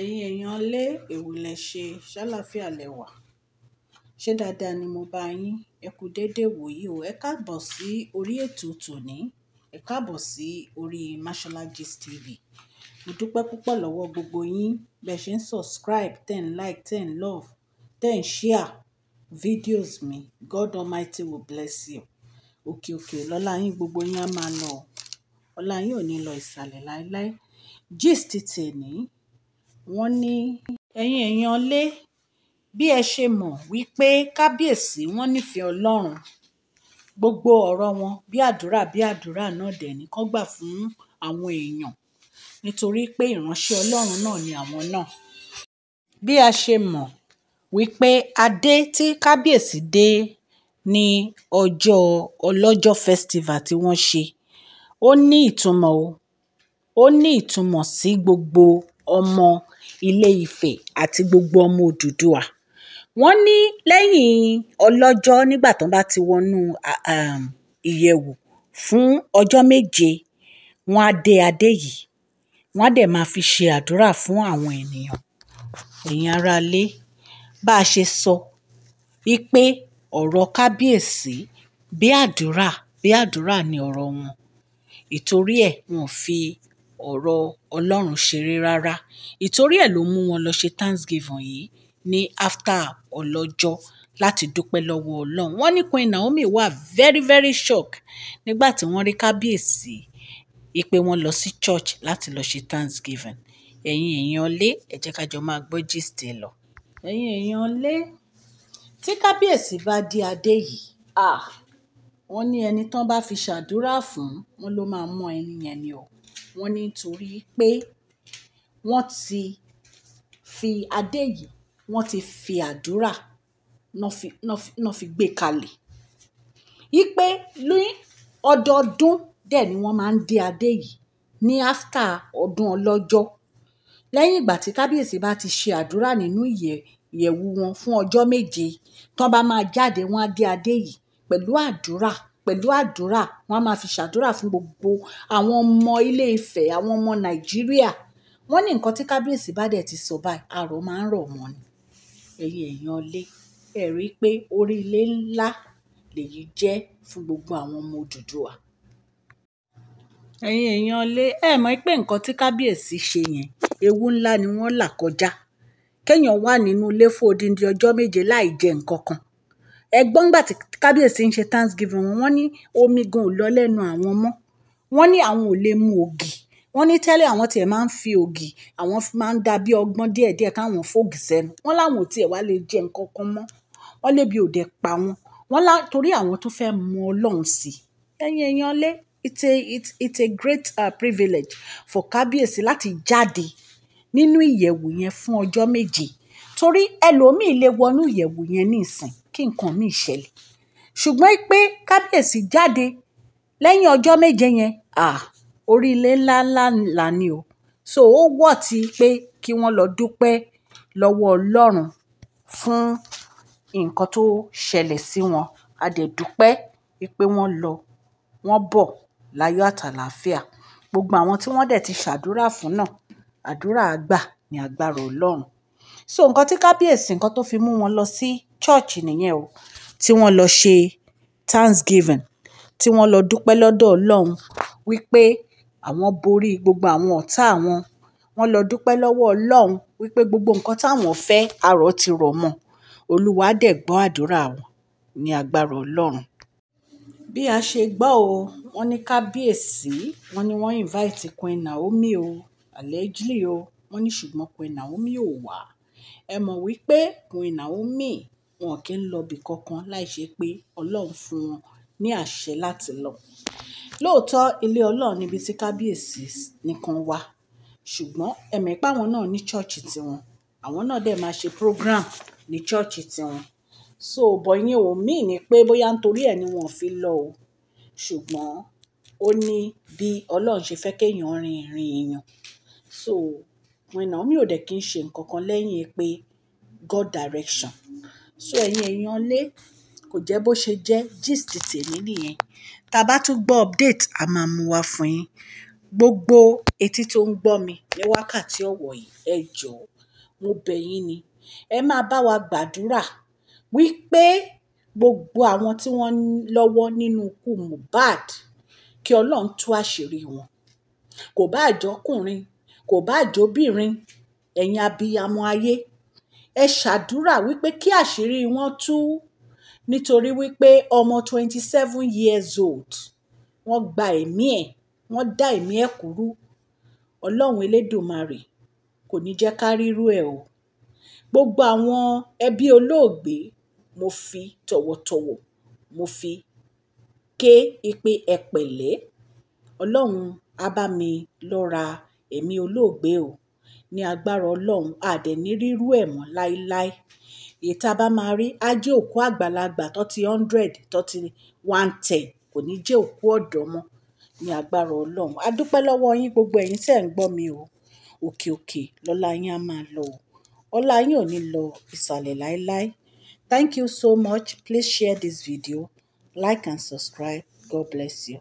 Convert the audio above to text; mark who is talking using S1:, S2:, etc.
S1: Ẹ̀yin èèyàn lé èwo lẹ ṣe, ṣáláfíà lẹ wà. Ṣé dáadáa ni mo bá yín? Ẹ kú dédé wò yí o. Ẹ káàbọ̀ sí orí ètò tòní. Ẹ káàbọ̀ sí orí Mashola TV. Mo dúpẹ́ púpọ̀ lọ́wọ́ gbogbo yín bẹ ṣe ń subscribe, tẹ̀ like, tẹ̀ love, tẹ̀ share videos mi. God Almighty will bless you. Òkè òkè lọ́lá yín gbogbo yín a máa lọ. Ọlá yín ò ní lọ ìsàlẹ̀ láíláí. Gist tèní wọ́n ní ẹ̀yin èèyàn lé bí ẹ ṣe mọ̀ wípé kábíyèsí wọ́n nífẹ̀ẹ́ ọlọ́run gbogbo ọ̀rọ̀ wọn bí àdúrà bí àdúrà náà dẹ̀ ní kán gbà fún àwọn èèyàn nítorí pé ìránṣẹ́ ọlọ́run náà ni àwọn náà bí a ṣe mọ̀ wípé adé tí kábíyèsí dé ní ọjọ́ ọlọ́jọ́ festival tí wọ́n ṣe ó ní ìtumọ̀ o ó ní ìtumọ̀ sí gbogbo ọmọ ilé-ifẹ̀ àti gbogbo ọmọ òdúdúwà wọ́n ní lẹ́yìn ọlọ́jọ́ nígbà tán bá ti wọnú um, ìyẹ̀wù fún ọjọ́ méje wọ́n á dé adé yìí wọ́n á dẹ̀ máa fi ṣe àdúrà fún àwọn ènìyàn ẹ̀yin aráalé bá a ṣe sọ wípé ọ̀rọ̀ kábíyèsí bí àdúrà bí àdúrà ni ọ̀rọ̀ wọn ìtorí ẹ̀ wọn fi ọ̀rọ̀ Ọlọ́run ṣeré rárá ìtorí ẹ̀ ló mú wọn lọ ṣe thanksgiving yìí ní after ọlọ́jọ́ láti dúpẹ́ lọ́wọ́ Ọlọ́run wọ́n ní Queen Naomi wà very very shocked nígbà tí wọ́n rí kábíyèsí ìpè wọn lọ sí church láti lọ ṣe thanksgiving ẹ̀yin èèyàn lé ẹ jẹ́ ká jọ máa gbọ́ gist ẹ lọ. ẹ̀yin èèyàn lé tí kábíyèsí bá di adé yìí ah wọ́n ní ẹni tán bá fi ṣàdúrà fún wọn ló máa mọ ẹni yẹn ni o wọ́n ní torí pé wọ́n ti fi adé yìí wọ́n ti fi àdúrà náà fi gbé kalẹ̀ yìí pé ní ọdọọdún dẹ̀ ni wọ́n máa ń dé adé yìí ní áfítà ọdún ọlọ́jọ́ lẹ́yìn ìgbà tí kábíyèsí bá ti ṣe àdúrà nínú ìyẹ̀wù wọn fún ọjọ́ méje tán bá máa jáde wọ́n á dé adé yìí pẹ̀lú àdúrà pẹ̀lú àdúrà wọ́n á máa fi ṣàdúrà fún gbogbo àwọn ọmọ ilé Ifẹ̀ àwọn ọmọ Nàìjíríà wọ́n ní nǹkan tí kábíyèsí bá dẹ̀ ti sọ báyìí àrò máa ń rọ̀ mọ́ ni ẹ̀yin èèyàn lé ẹ̀ rí i pé orí ilé ńlá lèyí jẹ́ fún gbogbo àwọn ọmọ Odùduwà ẹ̀yin èèyàn lé ẹ̀ mọ̀ pé nǹkan tí kábíyèsí ṣe yẹn ewu ńlá ni wọ́n là kọjá kéèyàn wà nínú ilé fún odindi ọjọ́ méje láì jẹ nǹkan kan ẹ̀gbọ́n gbà tí kábíyèsí ń ṣe thanksgiving wọn ní omi gan ò lọ lẹ́nu àwọn mọ́ wọ́n ní àwọn ò lè mu ògì wọ́n ní tẹ́lẹ̀ àwọn tiẹ̀ máa ń fi ògì àwọn máa ń da bí ọgbọ́n díẹ̀díẹ̀ káwọn fògì sẹ́nu wọ́n láwọn ò tiẹ̀ wá lè jẹ nǹkan kan mọ́ wọ́n lè bi òde pa wọn wọ́n lá torí àwọn tó fẹ́ mọ ọlọ́run sí i ẹ̀yin ẹ̀yin ọlẹ́ it's a it's a great uh, privilege for kábíyèsí láti jáde nínú ìyẹ̀wò yẹn fún ọjọ́ méje torí ẹlòmíì lè wọnú ìyẹ̀wù yẹn nísìn kí nǹkan míì ṣẹlẹ̀ ṣùgbọ́n pé kábíyèsí jáde lẹ́yìn ọjọ́ méje yẹn orílẹ̀ ńláńlá ńlá ni o so ó wọ̀ ti pé kí wọ́n lọ dúpẹ́ lọ́wọ́ ọlọ́run fún nǹkan tó ṣẹlẹ̀ sí wọn a dẹ̀ dúpẹ́ pé wọ́n lọ wọ́n bọ̀ láyọ̀ àtàlàáfíà gbogbo àwọn tí wọ́n dẹ̀ ti ṣàdúrà fún náà àdúrà àgbà ní agbára ọlọ́run so nǹkan tí kábíyèsí nǹkan tó fi mú wọn lọ sí chọ́ọ̀chì nìyẹn o tí wọ́n lọ ṣe thanksgiving tí wọ́n lọ dúpẹ́ lọ́dọ̀ ọlọ́run wípé àwọn borí gbogbo àwọn ọ̀tá àwọn wọ́n lọ dúpẹ́ lọ́wọ́ ọlọ́run wípé gbogbo nǹkan táwọn fẹ́ àrò ti rọ̀ mọ́ olúwa dẹ̀ gbọ́ àdúrà wọn ní agbára ọlọ́run bí a ṣe gbọ́ o wọ́n ní kábíyèsí wọ́n ní wọ́n invite Queen Naomi o allegedly o wọ́n ní ṣùgbọ́n Queen Naomi ò wá Ẹ mọ̀ wípé Queen Naomi wọn kì í lọ ibi kankan láìṣẹ́ pé Ọlọ́run fún wọn ní àṣẹ láti lọ. Lóòótọ́ ilé Ọlọ́run níbi tí kábíyèsí nìkan wà, ṣùgbọ́n ẹ̀mọ̀ pé àwọn náà ní church tiwọn, àwọn náà dẹ̀ máa ṣe program ní church tiwọn. So but iyẹn ò mean ní pé bóyá nítorí ẹ ni wọn ò fi lọ o. Ṣùgbọ́n ó ní bí Ọlọ́run ṣe fẹ́ kí rin ìrìn èèyàn. So ọkùnrin Naomi ò dẹ̀ kí ń ṣe nǹkan lẹ́yìn pé God direction. So ẹ̀yin èèyàn lé kò jẹ́ bó ṣe jẹ́ gist tèmi nìyẹn. Tá bá tún gbọ́ update, a máa mú wá fún yín. Gbogbo etí tó ń gbọ́ mi ní wákàtí ọ̀wọ̀ yìí, ẹ jọ̀ọ́, mo bẹ̀ yín ni. Ẹ máa bá wa gbàdúrà wípé gbogbo àwọn tí wọ́n lọ́wọ́ nínú ikú Mohbad kí Ọlọ́run tú àṣírí wọn. Kò bá jọkùnrin, kò bá jóbìnrin ẹ̀yin abiyamọ ayé ẹ ṣàdúrà wípé kí àṣírí wọn tú nítorí wípé ọmọ twenty seven years old wọ́n gba ẹ̀mí ẹ̀ wọ́n dá ẹ̀mí ẹ̀ kúrú ọlọ́run elédùmarè kò ní jẹ́ ká rírú ẹ̀ o gbogbo àwọn ẹbí olóògbé mo fi tọ̀wọ̀tọ̀wọ̀ mo fi ké ìpè ẹ̀pẹ̀lẹ́ ọlọ́run á bá mi lọ́ra Èmi olóògbé o. Ni agbára Ọlọ́run, a dẹ̀ ní rírú ẹ̀ mọ́ láíláí. Èyí tí á jẹ́ òkú àgbàlagbà tó ti hundred, tó ti one ten, kò ní jẹ́ òkú ọ̀dọ́ mọ́. Ni agbára Ọlọ́run. A dúpẹ́ lọ́wọ́ yín gbogbo ẹ̀yin tí ẹ̀ ń gbọ́ mi o. Òkè òkè lọ́lá yín a máa lọ o. Ọlá yín ò ní lọ ìsàlẹ̀ láíláí. Thank you so much. Please share this video, like and subscribe. God bless you.